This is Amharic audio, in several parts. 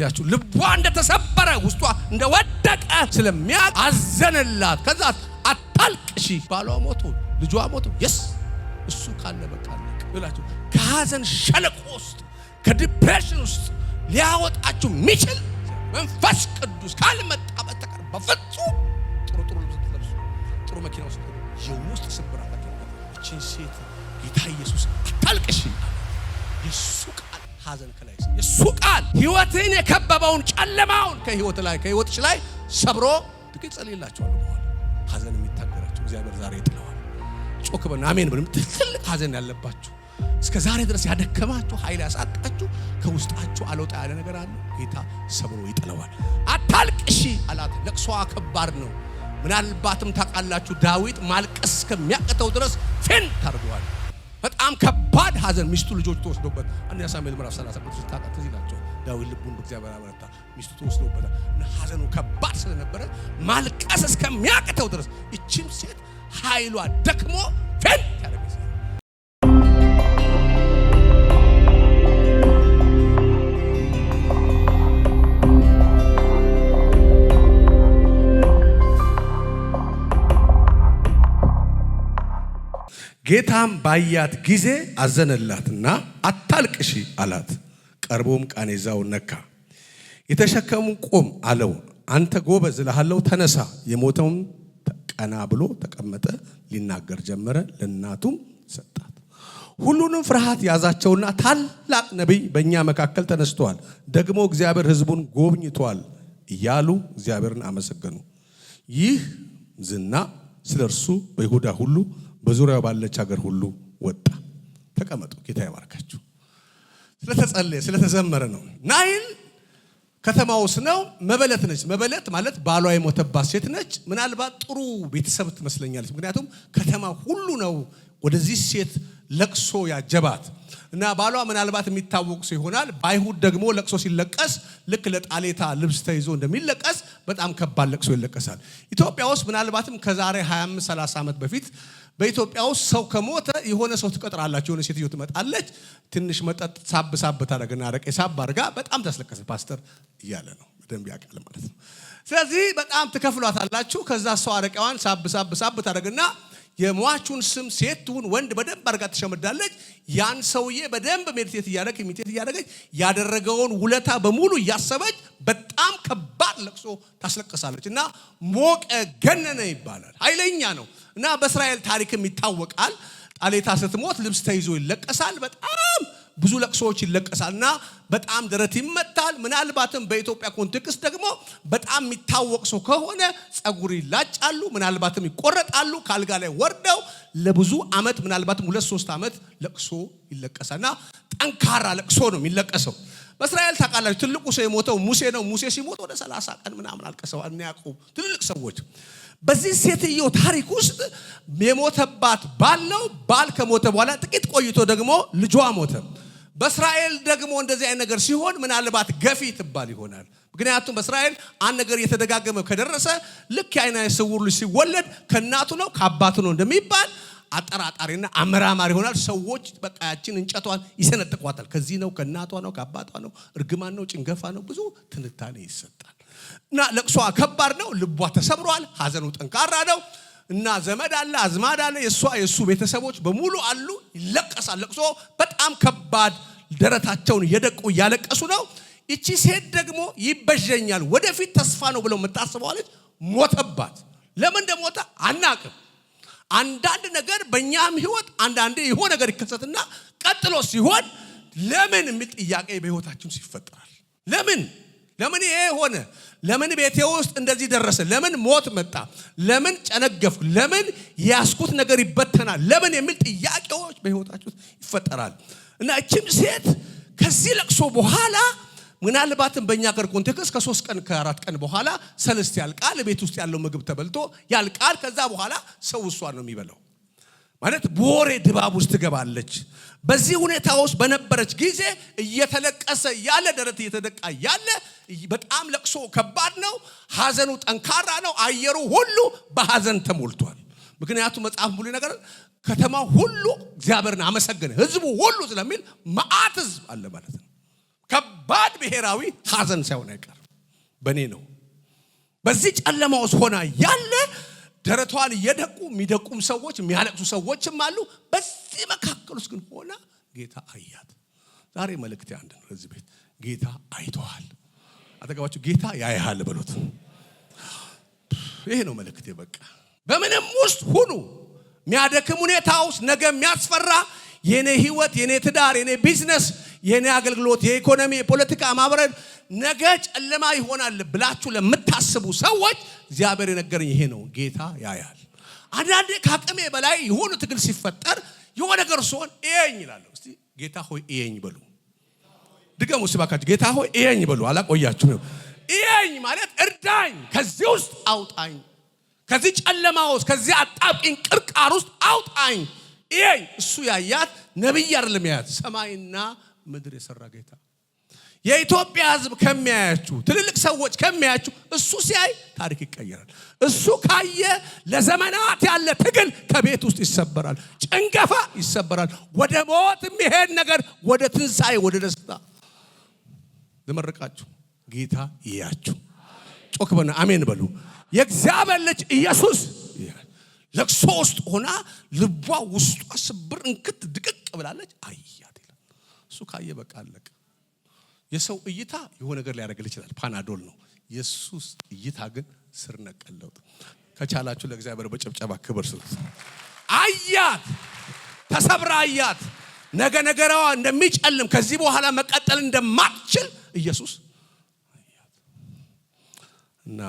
ያችሁ ልቧ እንደተሰበረ ውስጧ እንደወደቀ ስለሚያቅ አዘነላት። ከዛ አታልቅሺ፣ ባሏ ሞቶ ልጇ ሞቶ የስ እሱ ካለ በቃ ብላችሁ ከሀዘን ሸለቆ ውስጥ ከዲፕሬሽን ውስጥ ሊያወጣችሁ የሚችል መንፈስ ቅዱስ ካልመጣ በስተቀር በፍጹም ጥሩ ጥሩ ልብስ ለብሱ፣ ጥሩ መኪና ውስጥ የውስጥ ስብራት መኪና እቺን ሴት ጌታ ኢየሱስ አታልቅሺ የሱ ሀዘን ከላይ እሱ ቃል ህይወትን የከበበውን ጨለማውን ከህይወት ላይ ከህይወትሽ ላይ ሰብሮ ጥቂት ጸልይላችኋል። በኋላ ሀዘን የሚታገራቸው እግዚአብሔር ዛሬ ይጥለዋል። ጮክ በሉ አሜን። ብንም ትልቅ ሀዘን ያለባችሁ እስከ ዛሬ ድረስ ያደከማችሁ ኃይል ያሳጣችሁ ከውስጣችሁ አልወጣ ያለ ነገር አለ። ጌታ ሰብሮ ይጥለዋል። አታልቅሺ አላት። ለቅሷ ከባድ ነው። ምናልባትም ታውቃላችሁ ዳዊት ማልቀስ እስከሚያቅተው ድረስ ፌን ታደርገዋል። በጣም ከባድ ሐዘን ሚስቱ ልጆች ተወስዶበት አንድ ሳሙኤል ምዕራፍ 32 ስታውቃት ትዝ ይላቸዋል። ዳዊት ልቡን በእግዚአብሔር አበረታ፣ ሚስቱ ተወስዶበታል። ሐዘኑ ከባድ ስለነበረ ማልቀስ እስከሚያቅተው ድረስ እችም ሴት ኃይሏ ደክሞ ፌን ጌታም ባያት ጊዜ አዘነላትና አታልቅሺ አላት። ቀርቦም ቃኔዛው ነካ፣ የተሸከሙ ቁም አለው። አንተ ጎበዝ እልሃለሁ ተነሳ። የሞተውም ቀና ብሎ ተቀመጠ፣ ሊናገር ጀመረ። ለእናቱም ሰጣት። ሁሉንም ፍርሃት ያዛቸውና ታላቅ ነቢይ በእኛ መካከል ተነስተዋል፣ ደግሞ እግዚአብሔር ሕዝቡን ጎብኝቷል እያሉ እግዚአብሔርን አመሰገኑ። ይህ ዝና ስለ እርሱ በይሁዳ ሁሉ በዙሪያው ባለች ሀገር ሁሉ ወጣ። ተቀመጡ። ጌታ ይባርካችሁ። ስለተጸለየ ስለተዘመረ ነው። ናይል ከተማ ውስጥ ነው። መበለት ነች። መበለት ማለት ባሏ የሞተባት ሴት ነች። ምናልባት ጥሩ ቤተሰብ ትመስለኛለች። ምክንያቱም ከተማ ሁሉ ነው ወደዚህ ሴት ለቅሶ ያጀባት እና ባሏ ምናልባት የሚታወቅ ሰው ይሆናል። በአይሁድ ደግሞ ለቅሶ ሲለቀስ ልክ ለጣሌታ ልብስ ተይዞ እንደሚለቀስ በጣም ከባድ ለቅሶ ይለቀሳል። ኢትዮጵያ ውስጥ ምናልባትም ከዛሬ 25 30 ዓመት በፊት በኢትዮጵያ ውስጥ ሰው ከሞተ የሆነ ሰው ትቀጥራላችሁ። የሆነ ሴትዮ ትመጣለች፣ ትንሽ መጠጥ ሳብ ሳብ ታደረግና አረቄ ሳብ አድርጋ በጣም ታስለቀሰ ፓስተር እያለ ነው በደንብ ያውቃል ማለት ነው። ስለዚህ በጣም ትከፍሏታላችሁ። ከዛ ሰው አረቄዋን ሳብ ሳብ ሳብ ታደረግና የሟቹን ስም ሴት ትሁን ወንድ በደንብ አድርጋ ትሸመዳለች። ያን ሰውዬ በደንብ ሜዲቴት እያደረግ ሜዲቴት እያደረገች ያደረገውን ውለታ በሙሉ እያሰበች በጣም ከባድ ለቅሶ ታስለቅሳለች እና ሞቀ ገነነ ይባላል። ኃይለኛ ነው እና በእስራኤል ታሪክም ይታወቃል። ጣሌታ ስትሞት ልብስ ተይዞ ይለቀሳል በጣም ብዙ ለቅሶዎች ይለቀሳልና በጣም ደረት ይመታል። ምናልባትም በኢትዮጵያ ኮንቴክስት ደግሞ በጣም የሚታወቅ ሰው ከሆነ ጸጉር ይላጫሉ፣ ምናልባትም ይቆረጣሉ። ከአልጋ ላይ ወርደው ለብዙ ዓመት ምናልባትም ሁለት ሶስት ዓመት ለቅሶ ይለቀሳልና ጠንካራ ለቅሶ ነው የሚለቀሰው። በእስራኤል ታውቃላችሁ፣ ትልቁ ሰው የሞተው ሙሴ ነው። ሙሴ ሲሞት ወደ ሰላሳ ቀን ምናምን አልቀሰዋል። ያዕቆብ ትልልቅ ሰዎች በዚህ ሴትዮ ታሪክ ውስጥ የሞተባት ባለው ባል ከሞተ በኋላ ጥቂት ቆይቶ ደግሞ ልጇ ሞተ። በእስራኤል ደግሞ እንደዚህ አይነት ነገር ሲሆን ምናልባት ገፊ ትባል ይሆናል። ምክንያቱም በእስራኤል አንድ ነገር እየተደጋገመ ከደረሰ ልክ የዓይነ የስውር ልጅ ሲወለድ ከእናቱ ነው ከአባቱ ነው እንደሚባል አጠራጣሪና አመራማሪ ይሆናል። ሰዎች በቃ ያችን እንጨቷን ይሰነጥቋታል። ከዚህ ነው ከእናቷ ነው ከአባቷ ነው፣ እርግማን ነው፣ ጭንገፋ ነው፣ ብዙ ትንታኔ ይሰጣል። እና ለቅሷ ከባድ ነው። ልቧ ተሰብሯል። ሐዘኑ ጠንካራ ነው እና ዘመድ አለ፣ አዝማድ አለ፣ የእሷ የእሱ ቤተሰቦች በሙሉ አሉ። ይለቀሳል። ለቅሶ በጣም ከባድ፣ ደረታቸውን እየደቁ እያለቀሱ ነው። ይቺ ሴት ደግሞ ይበዠኛል፣ ወደፊት ተስፋ ነው ብለው የምታስበዋለች። ሞተባት። ለምን እንደሞተ አናቅም። አንዳንድ ነገር በእኛም ህይወት አንዳንዴ የሆነ ነገር ይከሰትና ቀጥሎ ሲሆን ለምን የሚል ጥያቄ በህይወታችን ይፈጠራል። ለምን ለምን ይሄ ሆነ? ለምን ቤቴ ውስጥ እንደዚህ ደረሰ? ለምን ሞት መጣ? ለምን ጨነገፍኩ? ለምን ያስኩት ነገር ይበተናል? ለምን የሚል ጥያቄዎች በህይወታችሁ ይፈጠራል እና እችም ሴት ከዚህ ለቅሶ በኋላ ምናልባትም በእኛ ገር ኮንቴክስ ከሶስት ቀን ከአራት ቀን በኋላ ሰልስት ያልቃል። ቤት ውስጥ ያለው ምግብ ተበልቶ ያልቃል። ከዛ በኋላ ሰው እሷ ነው የሚበላው። ማለት በወሬ ድባብ ውስጥ ትገባለች። በዚህ ሁኔታ ውስጥ በነበረች ጊዜ እየተለቀሰ ያለ ደረት እየተደቃ ያለ በጣም ለቅሶ ከባድ ነው። ሐዘኑ ጠንካራ ነው። አየሩ ሁሉ በሐዘን ተሞልቷል። ምክንያቱም መጽሐፍ ሙሉ ነገር ከተማ ሁሉ እግዚአብሔርን አመሰገነ ህዝቡ ሁሉ ስለሚል መዓት ህዝብ አለ ማለት ነው። ከባድ ብሔራዊ ሐዘን ሳይሆን አይቀርም። በእኔ ነው በዚህ ጨለማ ውስጥ ሆና ያለ ደረቷን እየደቁ የሚደቁም ሰዎች የሚያለቅሱ ሰዎችም አሉ። በዚህ መካከል ውስጥ ግን ሆነ ጌታ አያት። ዛሬ መልእክት አንድ ነው። ለዚህ ቤት ጌታ አይተዋል። አጠገባችሁ ጌታ ያያል በሉት። ይሄ ነው መልእክቴ። በቃ በምንም ውስጥ ሁኑ፣ የሚያደክም ሁኔታ ውስጥ ነገ የሚያስፈራ የኔ ህይወት፣ የኔ ትዳር፣ የኔ ቢዝነስ የኔ አገልግሎት፣ የኢኮኖሚ፣ የፖለቲካ፣ ማህበራዊ ነገ ጨለማ ይሆናል ብላችሁ ለምታስቡ ሰዎች እግዚአብሔር የነገረኝ ይሄ ነው። ጌታ ያያል። አንዳንዴ ከአቅሜ በላይ የሆኑ ትግል ሲፈጠር የሆነ ነገር ሲሆን እየኝ ይላለሁ። እስቲ ጌታ ሆይ እየኝ በሉ። ድገሙ ሲባካችሁ ጌታ ሆይ እየኝ በሉ። አላቆያችሁ ነው። እየኝ ማለት እርዳኝ፣ ከዚህ ውስጥ አውጣኝ፣ ከዚህ ጨለማ ውስጥ፣ ከዚህ አጣብቂኝ ቅርቃር ውስጥ አውጣኝ። እየኝ እሱ ያያት ነቢይ አይደለም ያያት ሰማይና ምድር የሰራ ጌታ የኢትዮጵያ ህዝብ ከሚያያችሁ ትልልቅ ሰዎች ከሚያያችሁ እሱ ሲያይ ታሪክ ይቀየራል። እሱ ካየ ለዘመናት ያለ ትግል ከቤት ውስጥ ይሰበራል፣ ጭንገፋ ይሰበራል። ወደ ሞት የሚሄድ ነገር ወደ ትንሣኤ፣ ወደ ደስታ ልመርቃችሁ። ጌታ ይያችሁ። ጮክ በና አሜን በሉ። የእግዚአብሔር ልጅ ኢየሱስ ለቅሶ ውስጥ ሆና ልቧ ውስጧ ስብር እንክት ድቅቅ ብላለች። አያት ካየ በቃ አለቀ። የሰው እይታ የሆነ ነገር ሊያደርግል ይችላል። ፓናዶል ነው። የሱስ እይታ ግን ስር ነቀል ለውጥ። ከቻላችሁ ለእግዚአብሔር በጨብጨባ ክብር ስጡ። አያት ተሰብራ አያት ነገ ነገራዋ እንደሚጨልም ከዚህ በኋላ መቀጠል እንደማትችል ኢየሱስ እና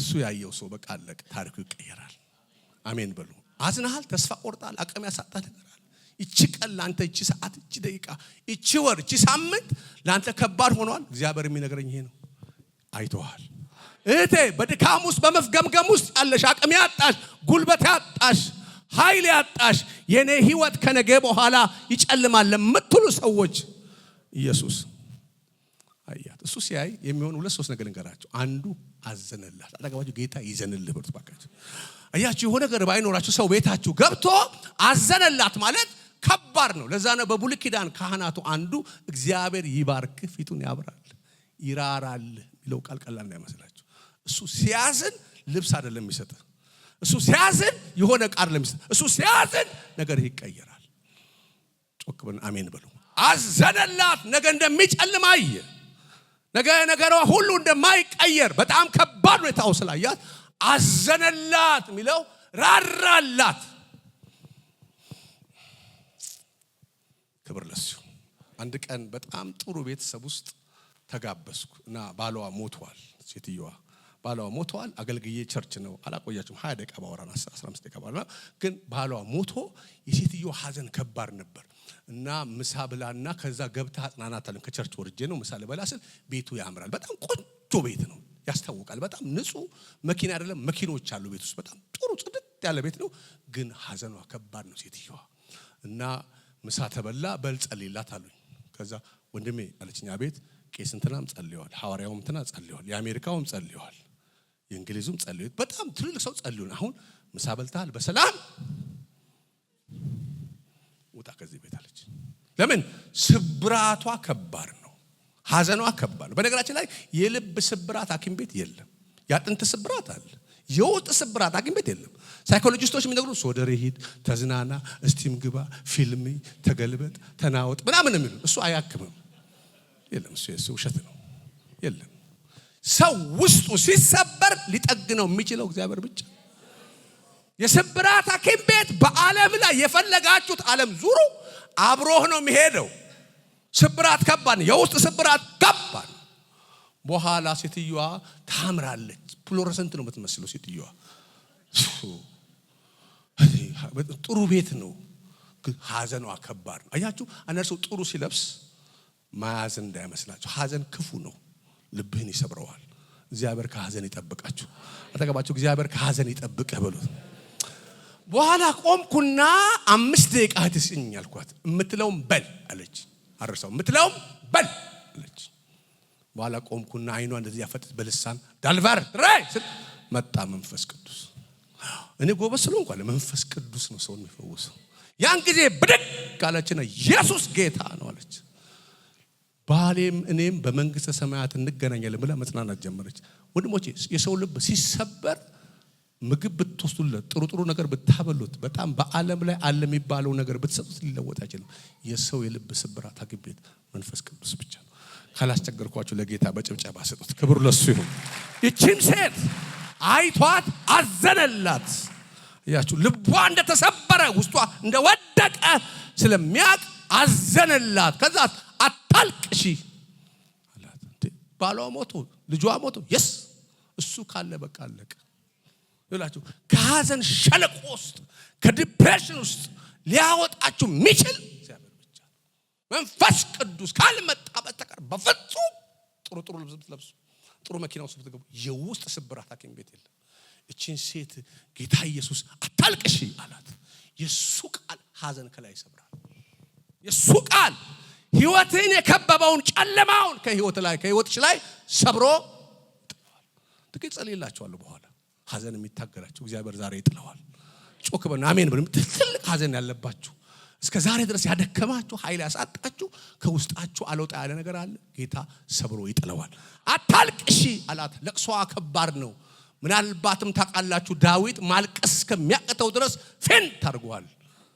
እሱ ያየው ሰው በቃ አለቀ፣ ታሪኩ ይቀየራል። አሜን በሉ። አዝናሃል፣ ተስፋ ቆርጣል፣ አቅም ያሳጣ ነገር አለ። ይቺ ቀን ለአንተ ሰዓት፣ ይቺ ደቂቃ፣ ወር፣ ይቺ ሳምንት ለአንተ ከባድ ሆኗል። እግዚአብሔር የሚነግረኝ ይሄ ነው። አይተዋል። እህቴ በድካም ውስጥ በመፍገምገም ውስጥ ያለሽ አቅም ያጣሽ፣ ጉልበት ያጣሽ፣ ኃይል ያጣሽ የእኔ ህይወት ከነገ በኋላ ይጨልማል ለምትሉ ሰዎች ኢየሱስ አያት። እሱ ሲያይ የሚሆን ሁለት ሶስት ነገር አንዱ አዘነላት። ጌታ ይዘንልህ። አያችሁ የሆነ ነገር ባይኖራችሁ ሰው ቤታችሁ ገብቶ አዘነላት ማለት ከባድ ነው። ለዛ ነው በብሉይ ኪዳን ካህናቱ አንዱ እግዚአብሔር ይባርክ ፊቱን ያብራል፣ ይራራል የሚለው ቃል ቀላል እንዳይመስላችሁ። እሱ ሲያዝን ልብስ አይደለም የሚሰጥ። እሱ ሲያዝን የሆነ ቃል ለሚሰጥ እሱ ሲያዝን ነገር ይቀየራል። ጮክ አሜን በሉ። አዘነላት። ነገ እንደሚጨልም አየ። ነገ ነገሯ ሁሉ እንደማይቀየር በጣም ከባድ ሁኔታው ስላያት አዘነላት የሚለው ራራላት ክብር ለሱ። አንድ ቀን በጣም ጥሩ ቤተሰብ ውስጥ ተጋበዝኩ እና ባሏዋ ሞተዋል። ሴትየዋ ባሏዋ ሞተዋል። አገልግዬ ቸርች ነው አላቆያችሁም። ሀያ ደቂቃ ባወራን አስራ አምስት ደቂቃ ባወራን፣ ግን ባሏዋ ሞቶ የሴትየዋ ሀዘን ከባድ ነበር እና ምሳ ብላና ከዛ ገብታ አጽናናት አለን። ከቸርች ወርጄ ነው ምሳ ልበላ ስል ቤቱ ያምራል። በጣም ቆንጆ ቤት ነው ያስታውቃል። በጣም ንጹህ መኪና አይደለም መኪኖች አሉ ቤት ውስጥ በጣም ጥሩ ጽድት ያለ ቤት ነው። ግን ሀዘኗ ከባድ ነው ሴትየዋ እና ምሳ ተበላ በል ጸልይላት አሉኝ። ከዛ ወንድሜ አለችኛ ቤት ቄስ እንትናም ጸልዋል ሐዋርያውም እንትና ጸልዋል የአሜሪካውም ጸልዋል የእንግሊዙም ጸልየ በጣም ትልልቅ ሰው ጸልዩን። አሁን ምሳ በልተሃል፣ በሰላም ውጣ ከዚህ ቤት አለች። ለምን ስብራቷ ከባድ ነው፣ ሐዘኗ ከባድ ነው። በነገራችን ላይ የልብ ስብራት አኪም ቤት የለም፣ ያጥንት ስብራት አለ። የውጥ ስብራት ሐኪም ቤት የለም። ሳይኮሎጂስቶች የሚነግሩ ሶደር ሂድ፣ ተዝናና፣ እስቲም ግባ፣ ፊልሚ ተገልበጥ፣ ተናወጥ ምናምን የሚሉ እሱ አያክምም። የለም እሱ ውሸት ነው። የለም ሰው ውስጡ ሲሰበር ሊጠግነው የሚችለው እግዚአብሔር ብቻ። የስብራት አኪም ቤት በአለም ላይ የፈለጋችሁት አለም ዙሩ፣ አብሮህ ነው የሚሄደው። ስብራት ከባን የውስጥ ስብራት ከባን በኋላ ሴትዮዋ ታምራለች። ፕሎረሰንት ነው የምትመስለው ሴትዮዋ። ጥሩ ቤት ነው፣ ሀዘኗ ከባድ ነው። አያችሁ አንዳንድ ሰው ጥሩ ሲለብስ ማያዝን እንዳይመስላችሁ። ሀዘን ክፉ ነው፣ ልብህን ይሰብረዋል። እግዚአብሔር ከሀዘን ይጠብቃችሁ። አጠገባችሁ እግዚአብሔር ከሀዘን ይጠብቅህ በሉት። በኋላ ቆምኩና አምስት ደቂቃ ትስኝ አልኳት። የምትለውም በል አለች። አረሳው የምትለውም በል አለች። በኋላ ቆምኩና አይኗ እንደዚህ ያፈጥት በልሳን ዳልቫር ራይ መጣ መንፈስ ቅዱስ። እኔ ጎበስ ስለሆንኩ አለ መንፈስ ቅዱስ ነው ሰው የሚፈውሰው። ያን ጊዜ ብድግ አለችና ኢየሱስ ጌታ ነው አለች። ባሌም እኔም በመንግሥተ ሰማያት እንገናኛለን ብላ መጽናናት ጀመረች። ወንድሞቼ የሰው ልብ ሲሰበር ምግብ ብትወስዱለት ጥሩ ጥሩ ነገር ብታበሉት በጣም በዓለም ላይ አለ የሚባለው ነገር ብትሰጡት ሊለወጥ አይችልም። የሰው የልብ ስብራት አግቤት መንፈስ ቅዱስ ብቻ ነው። ካላስቸገርኳችሁ ለጌታ በጭብጨባ ስጡት። ክብሩ ለሱ ይሁን። ይቺም ሴት አይቷት አዘነላት። እያችሁ ልቧ እንደተሰበረ ውስጧ እንደወደቀ ስለሚያቅ አዘነላት። ከዛ አታልቅሺ አላት። ባሏ ሞቶ ልጇ ሞቶ የስ እሱ ካለ በቃ አለቀ ይላችሁ። ከሀዘን ሸለቆ ውስጥ ከዲፕሬሽን ውስጥ ሊያወጣችሁ የሚችል መንፈስ ቅዱስ ካልመጣ በስተቀር በፍጹም ጥሩ ጥሩ ልብስ ብትለብሱ፣ ጥሩ መኪና ውስጥ ብትገቡ የውስጥ ስብራት ሐኪም ቤት የለም። እችን ሴት ጌታ ኢየሱስ አታልቅሺ አላት። የእሱ ቃል ሐዘን ከላይ ይሰብራል። የእሱ ቃል ህይወትን የከበበውን ጨለማውን ከሕይወት ላይ ከሕይወትሽ ላይ ሰብሮ ጥለዋል። ጥቂት ጸልይላችኋለሁ። በኋላ ሐዘን እግዚአብሔር ዛሬ ይጥለዋል። ጮክ በና አሜን። ትልቅ ሐዘን ያለባችሁ እስከ ዛሬ ድረስ ያደከማችሁ ኃይል ያሳጣችሁ ከውስጣችሁ አልወጣ ያለ ነገር አለ። ጌታ ሰብሮ ይጥለዋል። አታልቅሺ አላት። ለቅሷ ከባድ ነው። ምናልባትም ታውቃላችሁ ዳዊት ማልቀስ እስከሚያቅተው ድረስ ፌን ታርጓል።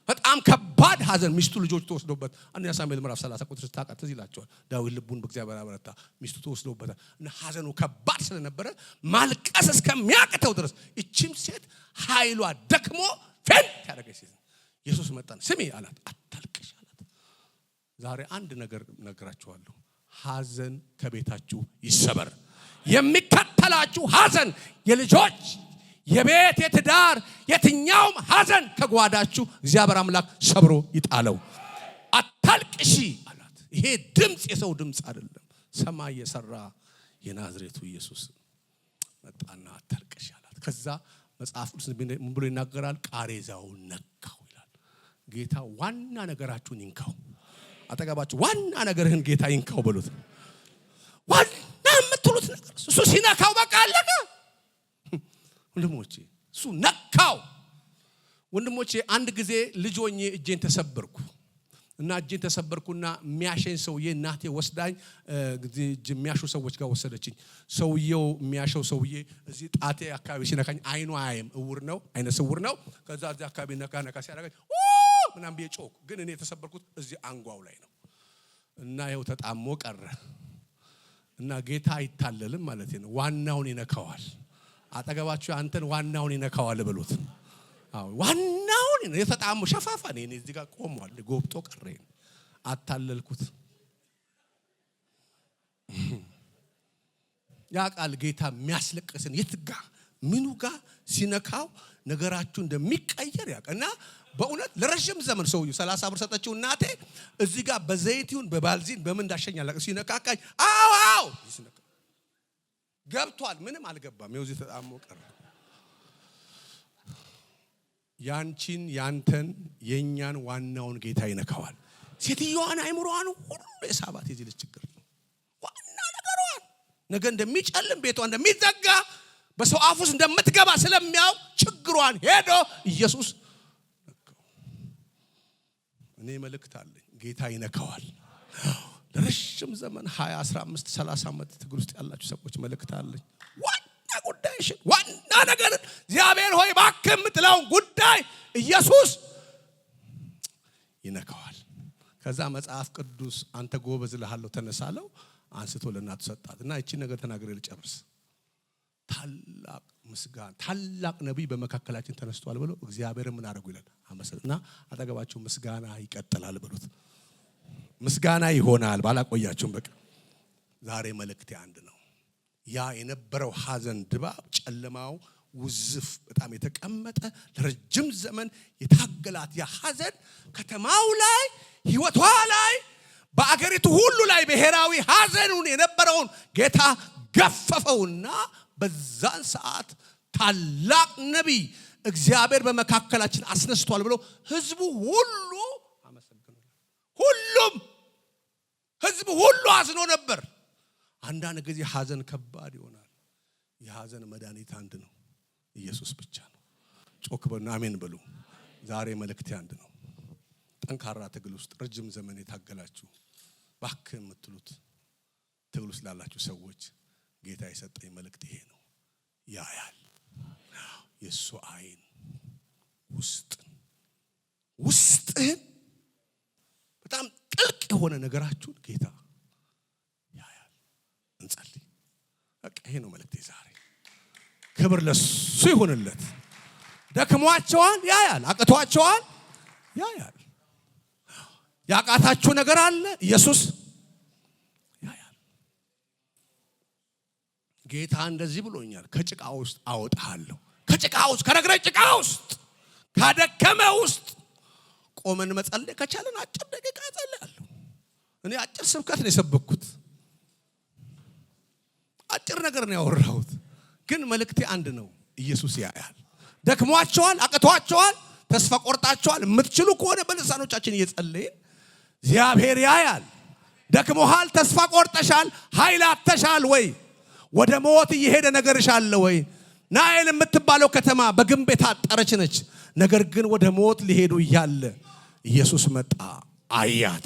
በጣም ከባድ ሐዘን ሚስቱ ልጆች ተወስዶበት አንደኛ ሳሙኤል ምዕራፍ 30 ቁጥር ስታውቃ ትዝ ይላቸዋል። ዳዊት ልቡን በእግዚአብሔር አበረታ፣ ሚስቱ ተወስዶበታል እና ሐዘኑ ከባድ ስለነበረ ማልቀስ እስከሚያቅተው ድረስ እችም ሴት ኃይሏ ደክሞ ፌን ያደረገች ሴት ኢየሱስ መጣን። ስሚ አላት፣ አታልቅሽ አላት። ዛሬ አንድ ነገር ነግራችኋለሁ። ሀዘን ከቤታችሁ ይሰበር። የሚከተላችሁ ሀዘን የልጆች የቤት የትዳር የትኛውም ሀዘን ከጓዳችሁ እግዚአብሔር አምላክ ሰብሮ ይጣለው። አታልቅሺ አላት። ይሄ ድምፅ የሰው ድምፅ አይደለም። ሰማይ የሰራ የናዝሬቱ ኢየሱስ መጣና አታልቅሽ አላት። ከዛ መጽሐፍ ቅዱስ ምን ብሎ ይናገራል? ቃሬዛውን ነካ ጌታ ዋና ነገራችሁን ይንካው። አጠገባችሁ ዋና ነገርህን ጌታ ይንካው በሉት። ዋና የምትሉት ነገር እሱ ሲነካው በቃ አለቀ። ወንድሞቼ እሱ ነካው። ወንድሞቼ አንድ ጊዜ ልጅ ሆኜ እጄን ተሰበርኩ እና እጄን ተሰበርኩና የሚያሸኝ ሰውዬ እናቴ ወስዳኝ የሚያሹ ሰዎች ጋር ወሰደችኝ። ሰውየው የሚያሸው ሰውዬ እዚህ ጣቴ አካባቢ ሲነካኝ አይኑ አያይም፣ እውር ነው፣ አይነ ስውር ነው። ከዛ እዚህ አካባቢ ነካ ነካ ሲያደርገኝ ምናምን ብዬ ጮክ። ግን እኔ የተሰበርኩት እዚህ አንጓው ላይ ነው እና ይኸው ተጣሞ ቀረ እና ጌታ አይታለልም ማለት ነው። ዋናውን ይነካዋል። አጠገባችሁ አንተን ዋናውን ይነካዋል ብሉት። ዋናውን የተጣሙ ሸፋፋ ነ እዚህ ጋር ቆሟል። ጎብጦ ቀረ። አታለልኩት። ያ ቃል ጌታ የሚያስለቅስን የት ምኑ ጋ ሲነካው ነገራችሁ እንደሚቀየር ያውቅ እና በእውነት ለረዥም ዘመን ሰውዬው ሰላሳ ብር ሰጠችው እናቴ እዚህ ጋር በዘይቲውን በባልዚን በምን እንዳሸኛ ላቅ ሲነካካኝ አዎ አዎ ገብቷል። ምንም አልገባም። የውዚ ተጣሞ ቀረ። ያንቺን፣ ያንተን፣ የእኛን ዋናውን ጌታ ይነካዋል። ሴትዮዋን አይምሮዋን ሁሉ የሳባት የዚህ ልጅ ችግር ነው ዋና ነገሯን ነገ እንደሚጨልም ቤቷ እንደሚዘጋ በሰው አፍ ውስጥ እንደምትገባ ስለሚያው ችግሯን ሄዶ ኢየሱስ እኔ መልእክት አለኝ። ጌታ ይነካዋል። ለረጅም ዘመን 20፣ 15፣ 30 ዓመት ትግል ውስጥ ያላችሁ ሰዎች መልእክት አለኝ። ዋና ጉዳይሽን ዋና ነገር እግዚአብሔር ሆይ እባክህ የምትለውን ጉዳይ ኢየሱስ ይነካዋል። ከዛ መጽሐፍ ቅዱስ አንተ ጎበዝ ልሃለሁ ተነሳለው አንስቶ ለእናቱ ሰጣት እና ይቺን ነገር ተናግሬ ልጨርስ ታላቅ ምስጋና ታላቅ ነቢይ በመካከላችን ተነስቷል ብሎ እግዚአብሔር ምን አደረጉ ይላል። አመሰልና አጠገባቸው ምስጋና ይቀጥላል ብሉት፣ ምስጋና ይሆናል። ባላቆያችሁም በቃ ዛሬ መልእክቴ አንድ ነው። ያ የነበረው ሀዘን ድባብ ጨለማው ውዝፍ በጣም የተቀመጠ ለረጅም ዘመን የታገላት ያ ሀዘን ከተማው ላይ ህይወቷ ላይ በአገሪቱ ሁሉ ላይ ብሔራዊ ሀዘኑን የነበረውን ጌታ ገፈፈውና በዛን ሰዓት ታላቅ ነቢይ እግዚአብሔር በመካከላችን አስነስቷል ብሎ ህዝቡ ሁሉ ሁሉም ህዝቡ ሁሉ አዝኖ ነበር። አንዳንድ ጊዜ ሀዘን ከባድ ይሆናል። የሀዘን መድኃኒት አንድ ነው፣ ኢየሱስ ብቻ ነው። ጮክ አሜን ብሉ ዛሬ መልእክቴ አንድ ነው። ጠንካራ ትግል ውስጥ ረጅም ዘመን የታገላችሁ ባክ የምትሉት ትግል ውስጥ ላላችሁ ሰዎች ጌታ የሰጠኝ መልእክት ይሄ ነው። ያያል የእሱ አይን ውስጥን ውስጥህን በጣም ጥልቅ የሆነ ነገራችሁን ጌታ ያያል። እንጸልይ። በቃ ይሄ ነው መልእክቴ ዛሬ። ክብር ለሱ ይሁንለት። ደክሟቸዋል፣ ያያል። አቅቷቸዋል፣ ያያል። ያቃታችሁ ነገር አለ ኢየሱስ ጌታ እንደዚህ ብሎኛል፣ ከጭቃ ውስጥ አወጣሃለሁ። ከጭቃ ውስጥ ከነግረ ጭቃ ውስጥ ካደከመ ውስጥ ቆመን መጸለይ ከቻለን አጭር ደቂቃ እጸልያለሁ። እኔ አጭር ስብከት ነው የሰበኩት፣ አጭር ነገር ነው ያወራሁት። ግን መልእክቴ አንድ ነው፣ ኢየሱስ ያያል። ደክሟቸዋል፣ አቅቷቸዋል፣ ተስፋ ቆርጣቸዋል። የምትችሉ ከሆነ በልሳኖቻችን እየጸለይን እግዚአብሔር ያያል። ደክሞሃል፣ ተስፋ ቆርጠሻል፣ ኃይል አጥተሻል ወይ ወደ ሞት እየሄደ ነገርሽ አለ ወይ? ናይል የምትባለው ከተማ በግንብ የታጠረች ነች። ነገር ግን ወደ ሞት ሊሄዱ እያለ ኢየሱስ መጣ፣ አያት።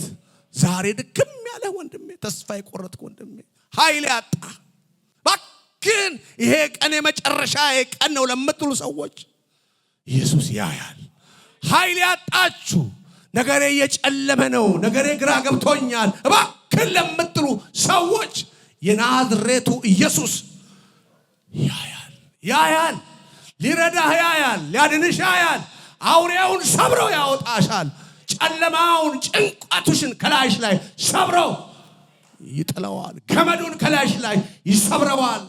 ዛሬ ድክም ያለ ወንድሜ፣ ተስፋ የቆረጥክ ወንድሜ፣ ኃይል ያጣ ባክን፣ ይሄ ቀን የመጨረሻ ቀን ነው ለምትሉ ሰዎች ኢየሱስ ያያል። ኃይል ያጣችሁ ነገሬ እየጨለመ ነው፣ ነገሬ ግራ ገብቶኛል እባክን ለምትሉ ሰዎች የናዝሬቱ ኢየሱስ ያያል ያያል ሊረዳህ ያያል ሊያድንሽ ያያል። አውሬውን ሰብረው ያወጣሻል። ጨለማውን ጭንቀቱሽን ከላይሽ ላይ ሰብረው ይጥለዋል። ገመዱን ከላይሽ ላይ ይሰብረዋል።